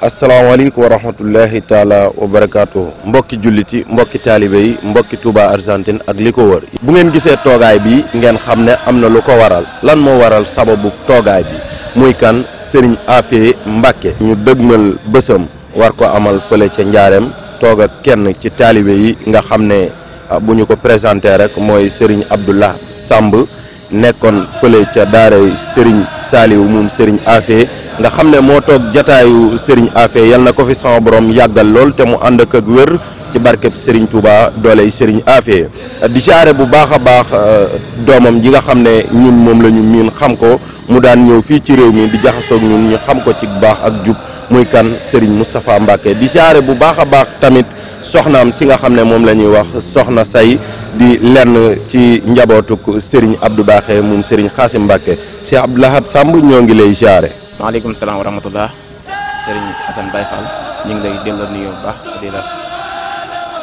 asalaamaaleykum wa rahmatullahi taala wa barakaatu mbokki jullit yi mbokki taalibe yi mbokki Touba Argentine ak li ko wër bu ngeen gisee toogaay bi ngeen xam ne am na lu ko waral lan moo waral sababu toogaay bi muy kan Serigne Afé mbakke ñu dëgmal bësam war ko amal fële ca njaareem toog kenn ci taalibe yi nga xam ne ah, bu ñu ko présenté rek mooy Serigne Abdoulah Samb nekkoon fële ca daaray Serigne sali moom Serigne Afé nga xam ne moo toog jataayu Serigne Afé yal na ko fi sama borom yàggal lool te mu ànd ak ak wér ci barkeb Serigne Touba dooley Serigne Afé di jaare bu baax a baax euh, doomam ji nga xam ne ñun moom lañu miin xam ko mu daan ñëw fii ci réew mi di jaxasoog ñun ñu xam ko ci baax ak jub muy kan Serigne Moustapha Mbacké di jaare bu baax a baax tamit am si nga xam ne moom la ñuy wax soxna say di lenn ci njabootuk Serigne Abdou Baaxe moom Serigne Xaasim Mbacké Cheikh Abdoulahad Samb ñoo ngi lay jaare maaleykum salaam wa rahmatullah sëriñ Assane Baye Fall ñu ngi lay delloo nuyoo bu baax di la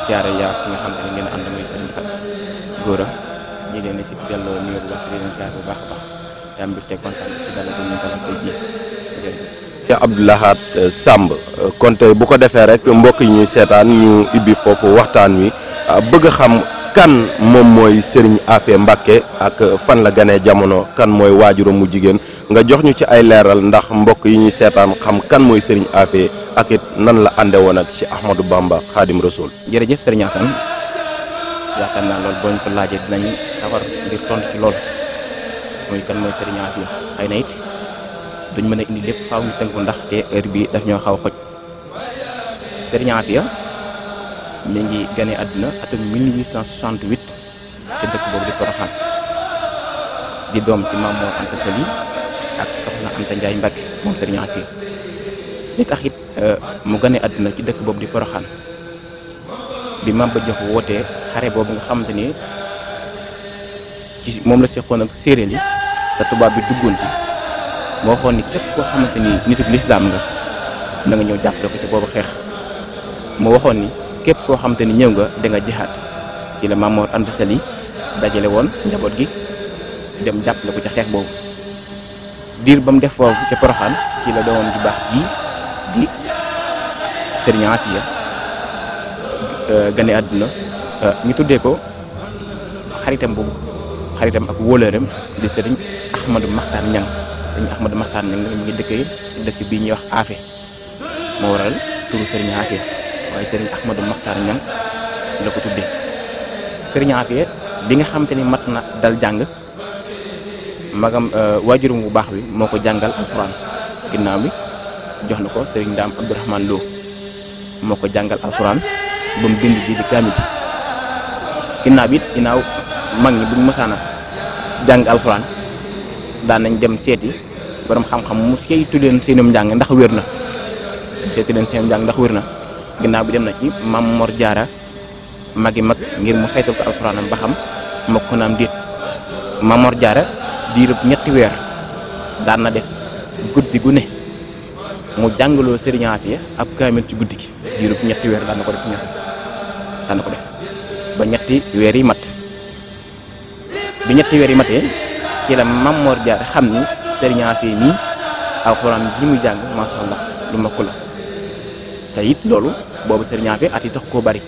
siyaare yaa ki nga xam ne ngeen ànd muy sëriñ Fatou Gora ñu ngi leen di delloo nuyoo bu baax di leen siyaare bu baax a baax yaa ngi bu kon tey bu ko defee rek mbokk yi ñuy seetaan ñu ibbi foofu waxtaan wi ah, bëgg xam kan moom mooy sëriñ Afé Mbacké ak fan la ganee jamono kan mooy waajuram mu jigéen. nga jox ñu ci ay leeral ndax mbokk yi ñuy seetaan xam kan mooy Serigne Afé ak it nan la ànde woon ak ci Ahmadou Bamba Xaadim Rasul. jërëjëf Serigne Assane yaakaar naa loolu boo ñu ko laajee dinañ sawar ngir ci loolu muy kan mooy Serigne Afé xëy na it duñ mën a indi lépp faaw ñu tënku ndax te heure bi daf ñoo xaw xoj Serigne Afé mi ngi gane àdduna atum 1868 ci dëkk boobu di Porokhane di doom ci Maam Mor Anta Sali ak soxna Anta Ndiaye Mbacke moom sëriñ Afiya li taxit it euh, mu gane àdduna ci dëkk boobu di Poroxaan bi maam ba jox wootee xare boobu nga xamante ni ci moom la seqoon ak séeréer yi te tubaab bi duggoon ci moo xoon ni képp koo nga ñëw jàppale ko xeex mu waxoon ni képp koo xamante ni ñëw nga danga nga jihaat ci la Maam Mor Anta Sali dajale woon njaboot gi dem jàppale ko ci xeex boobu diir ba mu def foofu ca Poroxaan ci la doomam ju baax ji di Serigne Atiya euh, gane àdduna euh, ñu tuddee ko xaritam bu xaritam ak wóolóoram di Serigne Ahmadou Makhtar Niang Serigne Ahmadou Makhtar Niang mu ngi dëkkee dëkk bii ñuy wax Afe moo waral turu Serigne Afe waaye Serigne Ahmadou Makhtar Niang la ko tuddee Serigne Afe bi nga xamante ni mat na dal jàng. magam euh, waajurum bu baax bi moo ko jàngal alxuraan ginnaaw bi jox na ko sëriñ Ndaam Abdourahmane ko jàngal alxuraan ba mu bind ji bi it mag ñi bu ñu mësaana jàng alxuraan daan nañ dem seeti borom xam-xam mu saytu leen seenum njàng ndax wér na seeti leen seenum njàng ndax wér na ginnaaw bi dem na ci Maam jaara mag magi mag ngir mu saytal ko alxuraanam ba xam mokk naam déet Maam Jaara diirub ñetti weer daan na def guddi gu ne mu jàngaloo Serigne Afia ab kaamil ci guddi gi diirub ñetti weer daan ko def si ñasam daan ko def ba ñetti weer yi mat bi ñetti weer yi matee ci la Mame Mor xam ni Serigne Afia ñii alxuraan ji mu jàng macha allah lu mokk la te it loolu boobu Serigne Afia at yi tax ko bari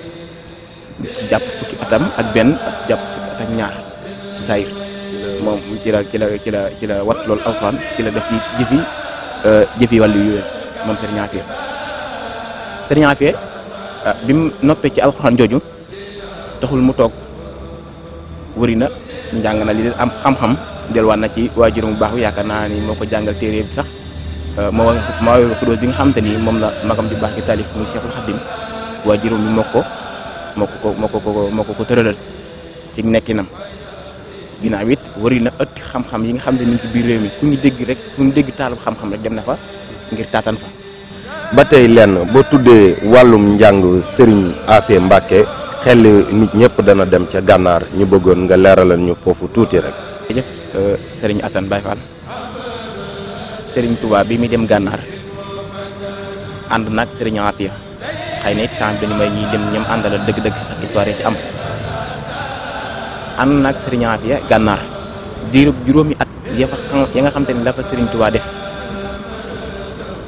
jàpp fukki atam ak benn ak jàpp fukki at ak ñaar ci saayir moom ci la ci la ci la ci wat loolu alxuraan ci la def jëfi euh, jëfi wàllu yu moom sëriñ Afia sëriñ Afia ah, bi mu noppee ci alxuraan jooju taxul mu toog wëri na njàng na li am xam-xam delluwaat na ci waajuram bu baax bi yaakaar naa ni moo ko jàngal téere bi sax euh, bi nga xamante ni moom la magam di baax gi taalif muy Seexul Xadim waajuram bi moo ko moo ko ko moo ko ko moo nekkinam ginnaaw it wari na ëtt xam-xam yi nga xam ne ni ci biir réew mi ku ngi dégg rek ku ñu dégg taalub xam-xam rek dem na fa ngir taatan fa ba tey lenn boo tuddee wàllum njàng sëriñ Afé Mbacke xel nit ñëpp dana dem ca gànnaar ñu bëggoon nga leeralal ñu foofu tuuti rek. jërëjëf euh, Serigne Assane Baye sëriñ tubaab bi muy dem gànnaar ànd nag Serigne Afia xëy na temps bi ni may ñuy dem ñoom àndala dëgg-dëgg ak histoire ci am. ànd nag Serigne Afia gànnaar diirub juróomi at ya fa xam nga xam te ne la fa Serigne Touba def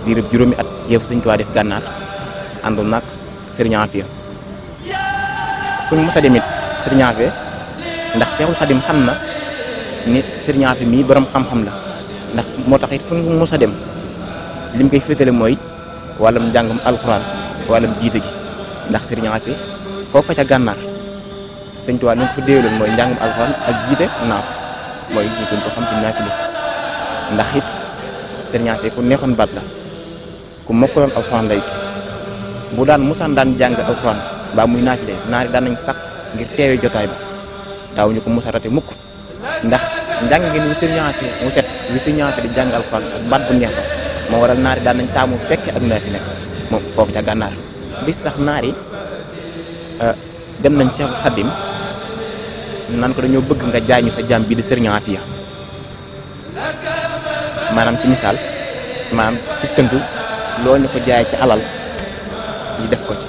diirub at ya fa Serigne def gànnaar àndoon naag Serigne Afia fu ñu mos demit Serigne ndax Seexul Xadim xam na ni Serigne Afia mii borom xam-xam la ndax moo tax it fu ñu mos dem li koy féetale mooy wàllum njàngum alxuraan wàllum jiite gi ndax Serigne Afia foofa ca gànnaar. sëñ Tuubaa ni mu ko mooy déewloon mooy njàngum alxuraan ak jiite naaf mooy ñu gën ko xam ci ndax it sëriñ ku neexoon baat la ku mokkaloon alxuraan la it bu daan musaan daan jàng alxuraan ba muy naafile naari daan nañ sax ngir teewee jotaay ba daaw ñu ko musa rate mukk ndax njàng ngeen wi sëriñ Afe mu di jàng alxuraan ak baat bu neex moo waral naari daan nañ taamu fekke ak naafile moom foofu ca gànnaar bis sax naari euh, dem nañ Seexul Xadim naan ko dañoo bëgg nga jaay ñu sa jaam bii di sëriñ Afia ci misaal maanaam ci tënk loo ñu ko jaay ci alal ñu def ko ci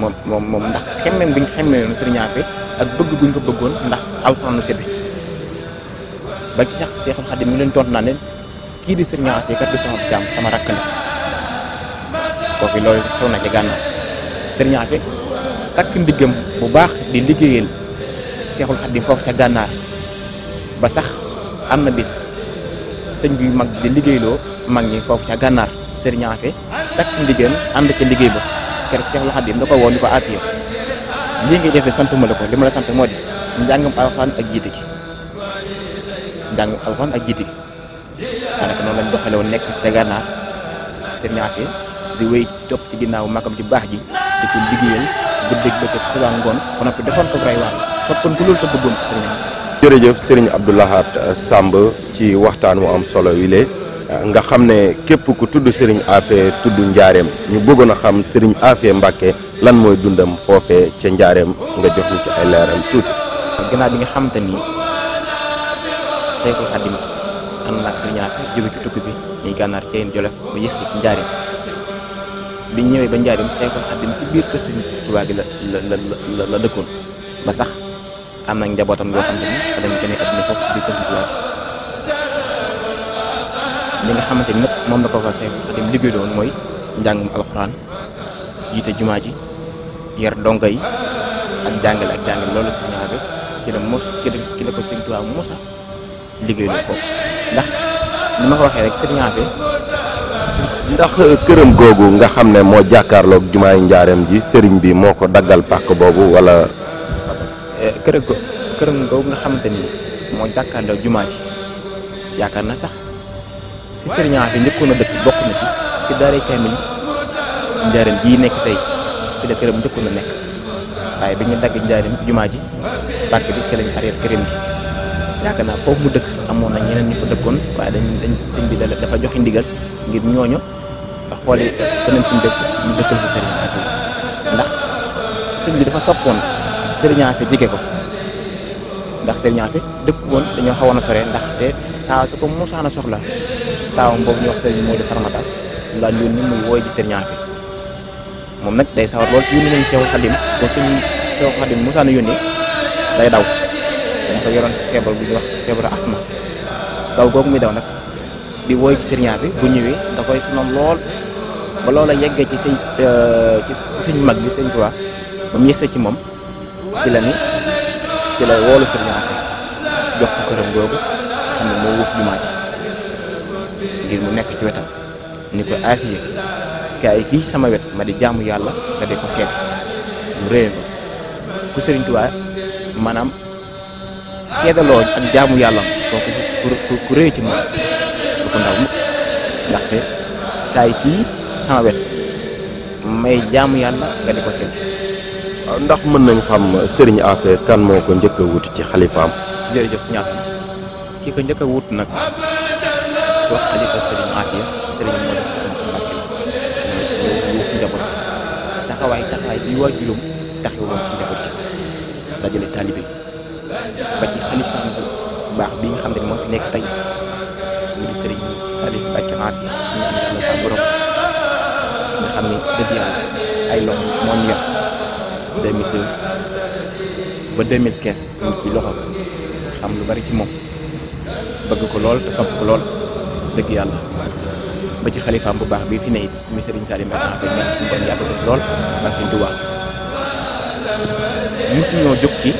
moom moom moom ndax xemmeem guñ xemmeeloon sëriñ Afia ak bëgg guñ ko bëggoon ndax alxuraanu sedd ba ci sax Seexul Xadim mi leen tontu naa leen kii di sëriñ Afia kat du sama jaam sama rakk la kooku loolu xew na ca gànnaaw sëriñ Afia takk ndiggam bu baax di liggéeyal Seexul Xaddim foofu ca gànnaar ba sax am na bis sëñ bi mag di liggéeyloo mag ñi foofu ca gànnaar sëriñ Afe takk ndiggéen ànd ca liggéey ba keroog Seexul Xaddim da ko woo ni ko afiya lii ngay defee sant ma la ko li ma la sant moo di njàngam alxuraan ak jiite gi njàngam alxuraan ak jiite noonu lañ doxale nekk ca gànnaar sëriñ di wéy topp ci ginnaaw magam ci baax ji di ko liggéeyal guddeeg bëccëg subaa ngoon ba noppi defoon ko rey soppan ku loolu te bëggoon ko jërëjëf sëriñ Abdou Lahad euh, Samb ci waxtaan wu am solo wile euh, nga xam ne képp ku tudd sëriñ Afe tudd njaareem ñu bëggoon a xam sëriñ Afe Mbàkke lan mooy dundam foofe ca njaareem nga jox ñu ci ay leeral tuuti. gannaaw bi nga xamante ni Seexul Xadim ànd naa sëriñ Afe jóge ci tukki bi ñuy gànnaar ci yéen Jolof ba yësi ci njaareem bi ñëwee ba njaareem Seexul Xadim ci biir kër sëriñ Tuubaa la la la la dëkkoon ba sax. am na njabootam yoo xam ne dañ gën a adduna di ko jubluwaat li nga xamante ni moom la ko fa Seex Xaadim liggéey mooy njàngum jumaa ji yar donga yi ak jàngale loolu ko Sëriñ Tuubaa mosa liggéey doon foofu ndax ni ma ko waxee rek sëriñ ndax këram googu nga xam ne moo jàkkaarloog jumaay njaareem ji sëriñ bi moo ko daggal pàkk boobu wala Eh, kër go këram googu nga xamante ni moo jàkkaarloo jumaa ji yaakaar na sax fi sëriñaa fi njëkkoon a dëkk bokk na ci fi daare kaamil njaarim jii nekk tey fi la këram njëkkoon a nekk waaye bi ñu dagg njaarim jumaa ji bàkk bi ci lañ arrière këram gi yaakaar naa foofu mu dëkk amoon na ñeneen ñu fa dëkkoon waaye dañ dañ sëñ bi dafa joxe ndigal ngir ñooñu xooli feneen fi mu dëkk mu dëkkal fi sëriñaa bi ndax sëñ bi dafa soppoon Serigne Afe jege ko ndax Serigne Afe dëkk woon dañoo xawoon a sore ndaxte saa su ko musaana soxla taawam boobu ñu wax Serigne Modou Farmata mu daan yónni muy wooy ji moom nag day sawar lool ci yónni nañ Seexu Xadim ba suñu Seexu Xadim musaana yónni day daw dana ko yoroon feebar bu ñuy wax feebaru asma daw googu muy daw nag bi wooy ci Serigne Afe bu ñëwee da koy sonal lool ba loola yeggee ci sëñ euh, ci sëñ mag bi sëñ Tuubaa ba mu yësee ci moom ci la ni ci la woolu Sëriñ Afe jox ko këram googu xam ne moo wuuf jumaa ji ngir mu nekk ci wetam ni ko Afiya kaay fii sama wet ma di jaamu yàlla nga di ko seet mu réye ko ku Sëriñ Tuubaa maanaam seedaloo ak jaamu yàllam kooku ku ku réy ci moom du ko ndaw mukk ndaxte kaay fii sama wet may jaamu yàlla nga di ko seet ndax mën nañ xam sëriñ Afe kan moo ko njëkk a wut ci xalifaam. jërëjëf si ñaasam kii ko njëkk a wut nag wax xalifa sëriñ Afe sëriñ Modou Mbacke ci njaboot taxawaay taxawaay dajale taalibe ba ci xalifaam bu baax bi nga xam ne moo fi nekk tey mu di sëriñ Salif Mbacke Afe ñu am yàlla sa borom nga xam ne dëgg yàlla ay loxo moo ñu 2002 ba 2015 mu ci loxo xam lu bari ci moom bëgg ko lool te sopp ko lool dëgg yàlla ba ci xalifaam bu baax bii fi ne it muy Serigne Saliou Mbacké xam ne suñu bon yàgg def lool ak suñu Tuubaa mosuñoo jóg ci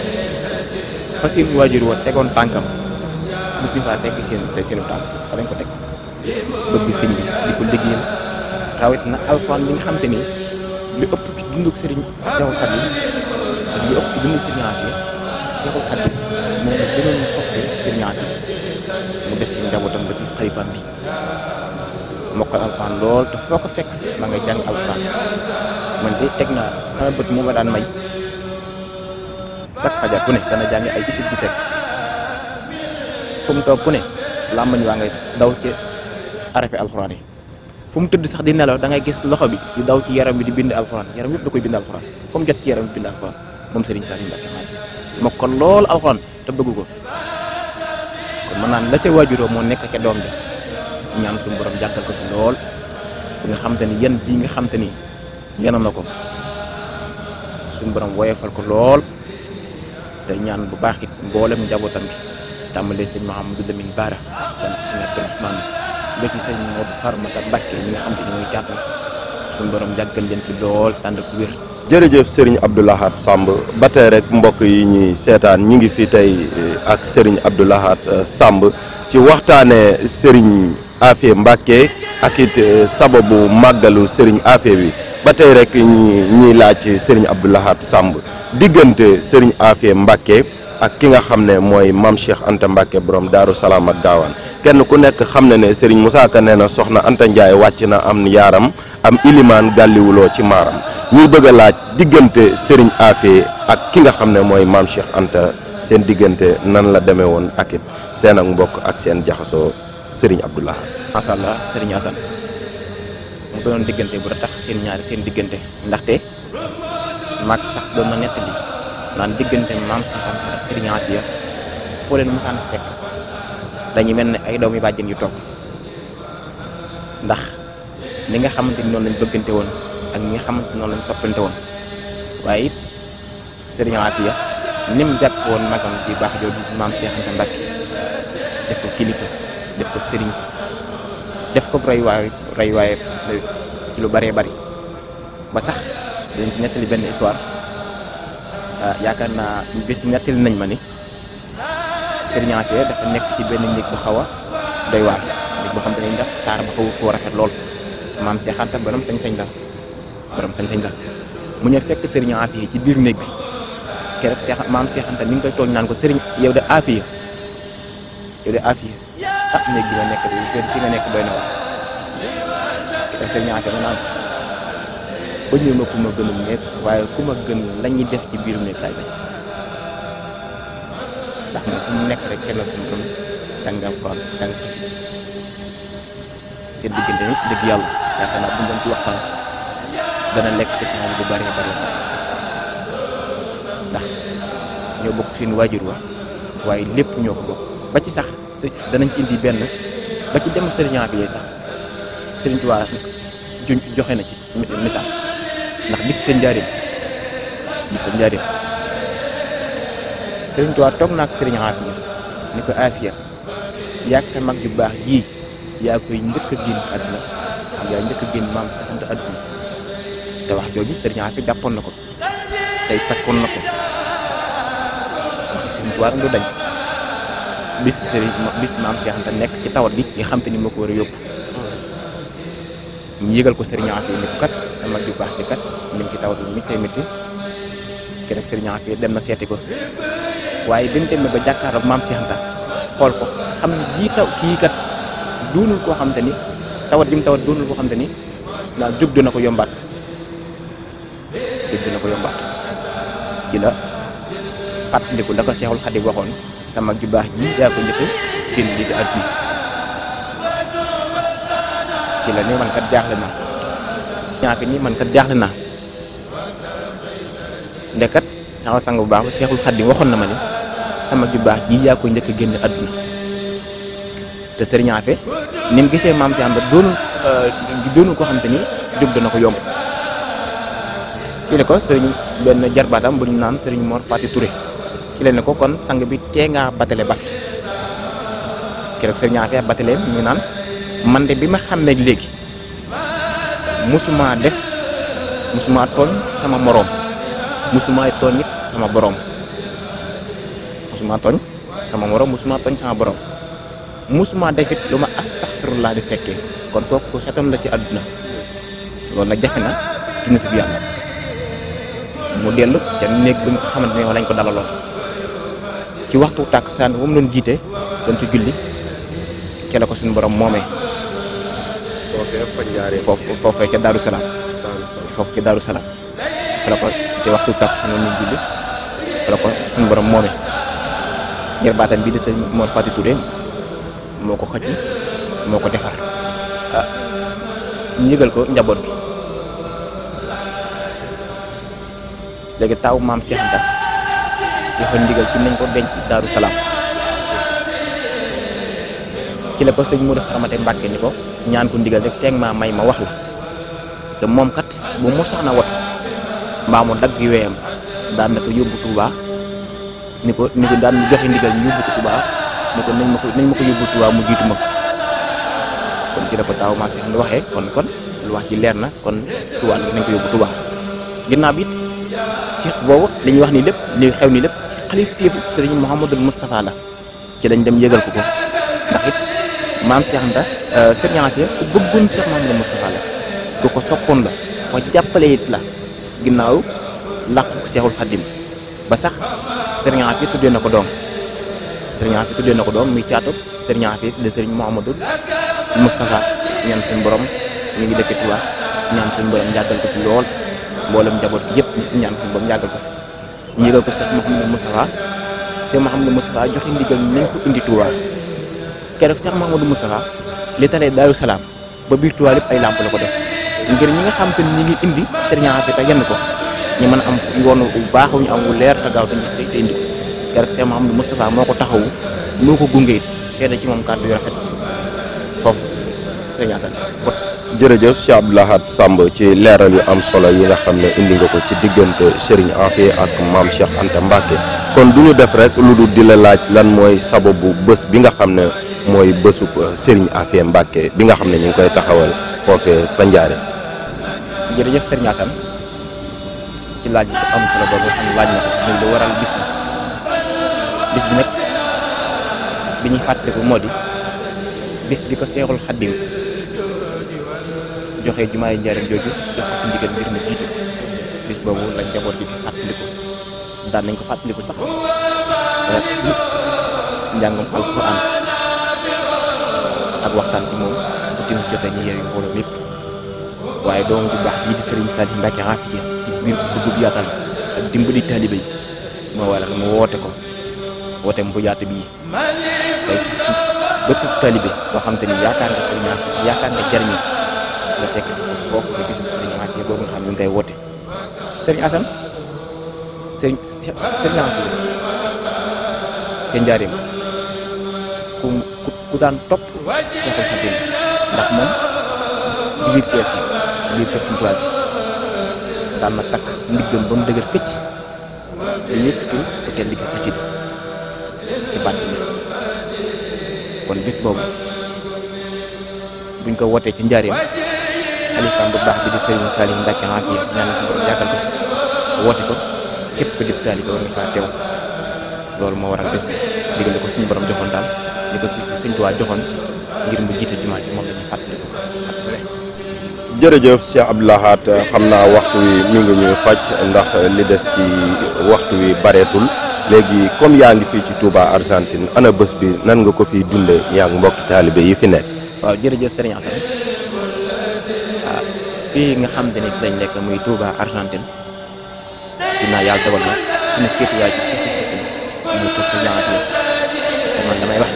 fa seen waajur wa tegoon tànkam mosuñ faa teg seen te seenu tànk fa lañ ko teg bëgg sëñ di ko liggéeyal rawet na alxuraan li nga xam te dunduk Serigne Cheikhul Khadim ak li ëpp ci dunduk Serigne Afia Cheikhul Khadim mu des ci njabootam ba ci xalifaam bi mokkal alxuraan lool te foo ko fekk ma ngay jàng alxuraan man de teg naa sama bët moo ma daan may sax fajar ku ne dana jàngi ay isib di teg fu toog ku ne làmmañ waa ngay daw ci arafi alxuraan yi fu mu tëdd sax di nelaw da ngay gis loxo bi di daw ci yaram bi di bind alxuraan yaram yëpp da koy bind alxuraan comme jot ci yaram bi bind alxuraan moom Serigne Saliou Mbacké Mahi mokkoon lool alxuraan te bëgg ko kon naan la ca waajuroo moo nekk ca doom bi ñaan suñu borom ko fi lool bi nga xam te ni yan bii nga xam ni yana na ko suñu borom woyofal ko lool te ñaan bu baax it mboolem njabootam bi tàmbalee sëñ Mahamadou Lamine Bara dan si nekk Rahmaan ba ci sëñ Modou Farmata Mbacke jërëjëf Serigne Abdou Samb ba tey rek mbokk yi ñuy seetaan ñu ngi fi tey eh, ak Serigne Abdou Lahad eh, Samb ci waxtaanee Serigne Afia Mbacke ak it eh, sababu màggalu Serigne Afia bi ba rek ñi ñuy laaj Serigne Abdou Lahad Samb diggante Serigne Afia Mbacke ak ki nga xam ne mooy mam Cheikh ante Mbacke borom Daaru Salaam ak Gaawaan kenn ku nekk xam na ne Serigne Moussa Ka na soxna Anta Ndiaye wàcc na am yaaram am ilimaan gàlliwuloo ci maaram ñuy bëgg laaj diggante Serigne Afé ak ki nga xam ne mooy maam Cheikh Anta seen diggante nan la demee woon ak seenak mbokk ak seen jaxasoo Serigne Abdoulah. macha allah Serigne Assane diggante bu tax seen seen diggante ndaxte maag sax doon na nettali naan diggante maam Cheikh Anta ak Serigne Afé dañuy mel ni ay doomi bàjjen yu toog ndax ni nga xamante ni noonu lañ bëggante woon ak ñi nga xamante noonu lañ soppante woon waaye it sëriñ ya nim jàpp woon magam bi baax jooju maam Cheikh Anta def ko kilifa def ko def ko rayuwaay rayuwaay ci lu bëree bari ba sax dañ ci nettali benn histoire ah, yaakaar naa bis nettali nañ ma ni Serigne dafa nekk ci benn néeg bu xaw a doy waar néeg boo xam ne ndax taar ba xaw koo rafet lool maam Cheikh Anta borom sañ-sañ la sañ-sañ la mu ñëw fekk Serigne Afia ci biir néeg bi keroog Cheikh maam Cheikh Anta mi ngi koy tooñ naan ko Serigne yow de Afia ah, nekk de kër nekk doy na waar keroog Serigne naan ko ba ñëw ma ku ma gënul nekk waaye ku ma gën la def ci biiru néeg laay bañ. ndax na fu mu nekk rek kenn suñu toll jàng bu ñu ñoo bokk suñu waajur wa waaye lépp ñoo ko bokk ba ci sax danañ ci indi benn ba ci dem sëriñaa bi sax sëriñ joxe na ci misaal ndax bis seen njaarim bis seen njaarim Sëriñ Tuubaa toog na ak sëriñ Aafiya ni ko Aafiya sa mag ju baax ji yaa koy njëkk a génn àdduna am yaa njëkk a génn maam Seex Anta te wax jooju sëriñ Aafiya jàppoon na ko tey takkoon na ko wax Sëriñ Tuubaa bis sëriñ bis maam Seex nekk ci tawat bi nga xam te ni moo ko war a yóbbu ñu yëgal ko sëriñ Aafiya ni ko kat sa mag ju baax ji kat mi ngi ci tawat bi mi tey métti keroog sëriñ Aafiya dem na seeti ko waaye bi mu demee ba jàkkaarloog maam Cheikh Anta xool ko xam ne jii taw kii kat doonul koo xam te ni tawat ji mu tawat doonul koo xam te ni ndax jóg ko yombaat jóg ko yombaat la fàttaliku la ko Seexul Xadim waxoon sama ju baax ji yaa ko la ni man kat jaaxle naa ñàkk ni man jaaxle naa ndekat sama sang bu baax ba Seexul Xadim waxoon na ma ni sama ju baax ji yaa ko njëkk a génn àdduna te sëriñ Afe gisee maam si ànd doonul euh, doonul ko xam te ni jóg dana ko yomb ci ne ko sëriñ benn jarbaatam bu ñu naan sëriñ Mor Faati Touré ci leen ne ko kon sang bi tee ngaa batale ba fi keroog sëriñ Afe bataleem ñu naan man bi ma xàmmee léegi musuma def musuma tooñ sama moroom musuma tooñ it sama boroom musuma tooñ sama morom musuma tooñ ma astaxfirullah di kon kooku ko ci àdduna loolu nag jafe na ci mu dellu ca néeg bi nga xamante ne lañ ko dalaloon ci waxtu tàkkusaan bu mu doon jiite doon ci julli ca ko suñu borom moomee. foofu foofee ca Daaru foofu ca Daaru Salaam. ko ci waxtu moomee. jarbaatam bii de sëñ Mor Fati Touré moo ko xëcc moo ko defar ah ñu yëgal ko njaboot gi léegi taaw maam Cheikh Anta ndigal ci nañ ko denc Daaru ci la ko sëñ Modou Xaramate Mbàkke ni ko ñaan ko ndigal rek teeg maa may ma wax la te moom kat bu mu sax na wat mbaa mu dagg weeyam daan na yóbbu Tuubaa ni ko ni ko daan joxe ndigal ñu yóbbu ko Tuubaa ni ko nañ ma ko nañ ma yóbbu Tuubaa mu jiitu kon ci la ko taawu maasee xam waxee kon kon lu wax ci leer na kon Tuubaa nañ ko yóbbu ginnaaw bi boobu li ñuy wax nii lépp li xew nii lépp xalifa Sëriñ Mouhamadul Moustapha la ci lañ dem yëgal ko ko ndax it maam euh, ko soppoon la jàppale it la ginnaaw làqu Seexul Xadim ba sax Serigne Afia tuddee na ko doom Serigne Afia tuddee na ko doom muy caatu Serigne Afia de Serigne Mouhamadou Moustapha ñaan suñu borom ñu ngi dëkk Touba ñaan suñu borom yàggal ko fi lool mboolem njaboot gi yëpp ñaan suñu borom yàggal ko fi ñu yëgal ko Cheikh Mouhamadou Moustapha Cheikh Mouhamadou Moustapha joxe ndigal nañ ko indi Touba keroog Cheikh Mouhamadou Moustapha li talee Daaru Salaam ba biir Touba lépp ay làmp la ko def ngir ñi nga xam te ni ñu ngi indi Serigne Afia te yenn ko ñu mën a am yoon bu baax am wu leer te gaaw te indi te indi ko keroog Cheikh Mouhamadou Moustapha moo ko taxawu moo ko gunge it seede ci moom kàddu yu rafet foofu jërëjëf Cheikh Abdou Lahad Samb ci leeral yu am solo yi nga xam ne indi nga ko ci diggante seriñ Afia ak maam Cheikh Anta Mbacke kon du def rek lu dul di la laaj lan mooy bu bës bi nga xam ne mooy bésub euh, Serigne Afia Mbacke bi nga xam ne ñu ngi koy taxawal foofee fa jërëjëf Serigne Assane ci laaj bu am solo boobu xam laaj na ko muy lu waral bis bi bi nag bi ñuy fàttaliku moo di bis bi ko seexul xaddim joxe jumaa yi njariñ jooju jox ko ci ndigal ngir mu jiite bis boobu lañ jaboot gi di fàttaliku daan nañ ko fàttaliku sax njàngum alxuraan ak waxtaan ci moom bu timis jotee ñu yeewu mbooloo mépp waaye doom bu baax ji di Serigne Saliou Mbacké Afia ngir bëggub yaatal ak dimbali taalibe yi moo waral mu woote ko wooteem bu yaatu bii tey si ci bépp taalibe boo xam te ni yaakaar nga sëriñ yaakaar nga jariñu boobu nga xam ne ñu koy woote sëriñ Assane sëriñ sëriñ ku ku daan topp koo xam ndax moom biir kees biir kees suñu daan na takk ndiggam ba mu dëgër këcc di yëkkati ku tedd gi xasida ci baat bi kon bis boobu buñ ko wootee ci njaareem xalifaam bu baax bi di Serigne Saliou Mbacké maa fi ñaanal si borom ko fi ko képp ko dib taalibe war nga faa teew loolu moo waral bis bi ndigal ko suñu borom joxoon daal li ko suñ tuwaa joxoon ngir mu jiite jumaa ji jërëjëf Cheikh Abdou Lahad xam naa waxtu wi ngi ñuy faj ndax li des ci waxtu wi bareetul léegi comme yaa ngi fii ci Touba Argentine ana bés bi nan nga ko fiy dunde yaa ngi mbokki taalibe yi fi nekk. waaw jërëjëf Serigne ah, nga xam te ne lañ nekk muy Touba Argentine dinaa sa man damay wax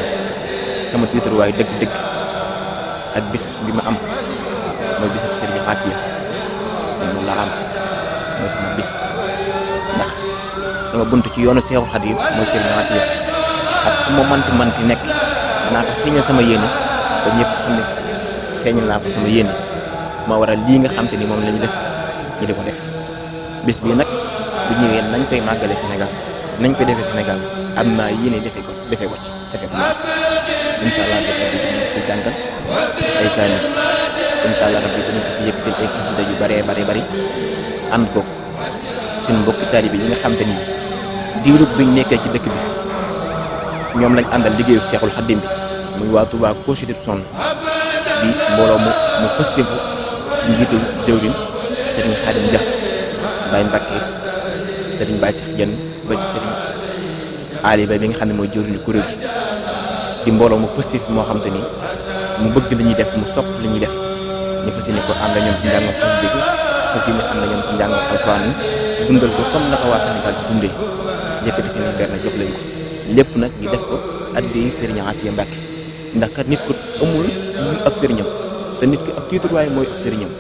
sama féetuwaay dëgg-dëgg ak bis bi ma am mooy bis. àddiya loolu laa am mooy sama bis ndax sama bunt ci yoonu Seexul Xadiim mooy seen àddiya ak fu nekk naa ko feeñal sama yéene ba ñëpp xam ne ko sama yéene moo waral lii ni moom la def ñu ko def nag bu ñëwee nañ koy màggale Sénégal nañ koy defee Sénégal am naa yéene defee ko defee ko ci defee ko incha kaani incha allah rabbi dinañ ko fi yëkkatil ay xasida yu xam te ni diirub nekkee ci dëkk bi ñoom lañ àndal liggéeyu Seexul mu mu fësseefu ci njiitu jëwriñ Serigne Xaadim Dia ba ci Serigne Ali Baye xam ne mooy jëwriñu kuréel mbooloo moo xam te ni mu bëgg li ñuy def mu sopp li ñuy def. ñu fas yéene ko ànd ak ñoom ci njàngam xas dégg fas yéene ànd ak ñoom ko comme naka waa Sénégal di dundee yëkkati seen i berne lépp nag gi def ko addiya Sëriñ Atiya Mbàkke ndax kat nit ko amul lu ab sëriñam te nit ki ab waaye mooy ab sëriñam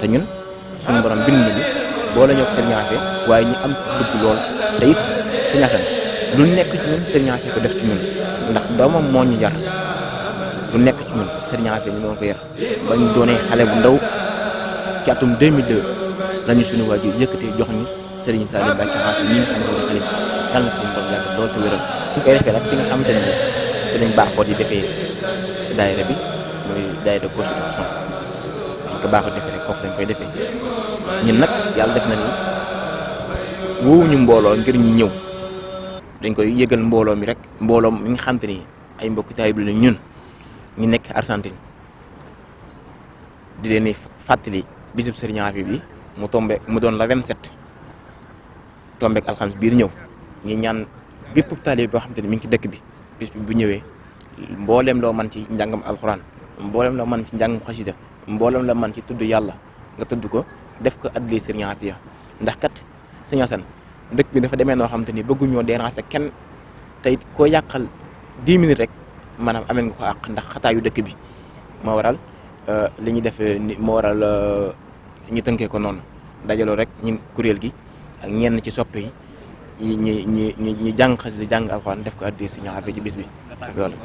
te ñun suñu borom bind nañu boole ñoo ko Sëriñ Atiya waaye ñu am dugg lool te it Sëriñ lu nekk ci ñun Sëriñ ko def ci ñun ndax doomam moo ñu yar lu nekk Serigne Afia ñu doon ko yar ba ñu doonee xale bu ndaw ci atum 2002 lañu suñu waajur yëkkatee jox ñu Serigne Saliou Mbacké Afia ñi nga xam ne mooy xalifa yàlla na suñu borom te wéral su koy di defee daayira bi mooy daayira constitution fi ko baaxoo defee lañ koy defee ñun nag yàlla def na ni wowuñu mbooloo ngir ñi ñëw dañ koy yëgal mbooloo mi rek mbooloo mi nga xamante ni ay mbokki taalibe la ñun ñu nekk Argentine di leen fàttali bisub Serigne bi mu tombe mu doon la 27 tombe ak alxames biir ñëw ñi ñaan bépp taalibe boo xam te ne mi ngi ci dëkk bi bis bu ñëwee mbooleem loo man ci njàngam alxuraan mbooleem loo man ci njàng njàngam xasida mbooleem loo man ci tudd yàlla nga tudd ko def ko adli Serigne ya ndax kat Serigne Assane dëkk bi dafa demee noo xam te ni bëgguñoo déranger kenn tey koo yàqal 10 minutes rek. maanaam amel nga ko àq ndax xataayu dëkk bi moo waral euh, li ñu def moo waral euh, ñu tënkee ko noonu dajaloo rek ñun kuréel gi ak ñenn ci soppe yi ñi ñi ñi ñi jàng xasida jàng alxuraan def ko addi si ñoo ci bis bi loolu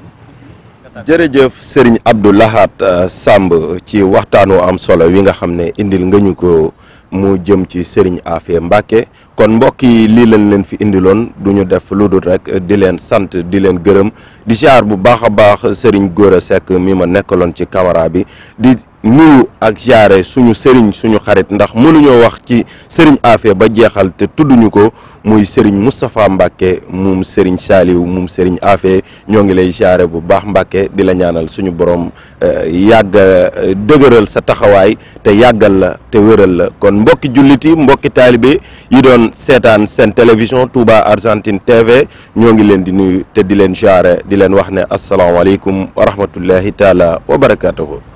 jërëjëf sëriñ Abdou Lahat euh, Samb ci waxtaan wu am solo wi nga xam ne indil nga ñu ko mu jëm ci sëriñ Afé Mbacke kon mbokk yi lii lañ leen fi indiloon du ñu def lu dul rek di leen sant di leen gërëm di ziar bu baax a baax sëriñ Gora Seck mi ma nekkaloon ci camara bi di. nuyu ak ziare suñu sëriñ suñu xarit ndax mënuñoo wax ci sëriñ Afia ba jeexal te tudduñu ko muy sëriñ Moustapha Mbacke moom sëriñ Saliou moom sëriñ Afia ñoo ngi lay jaare bu baax Mbacke di la ñaanal suñu borom eh, yàgg eh, dëgëral sa taxawaay te yàggal la te wëral la kon mbokki jullit yi mbokki taalibe yi doon seetaan seen télévision Touba Argentine TV ñoo ngi leen di nuyu te di leen ziare di leen wax ne asalaamaaleykum wa rahmatullahi taala wa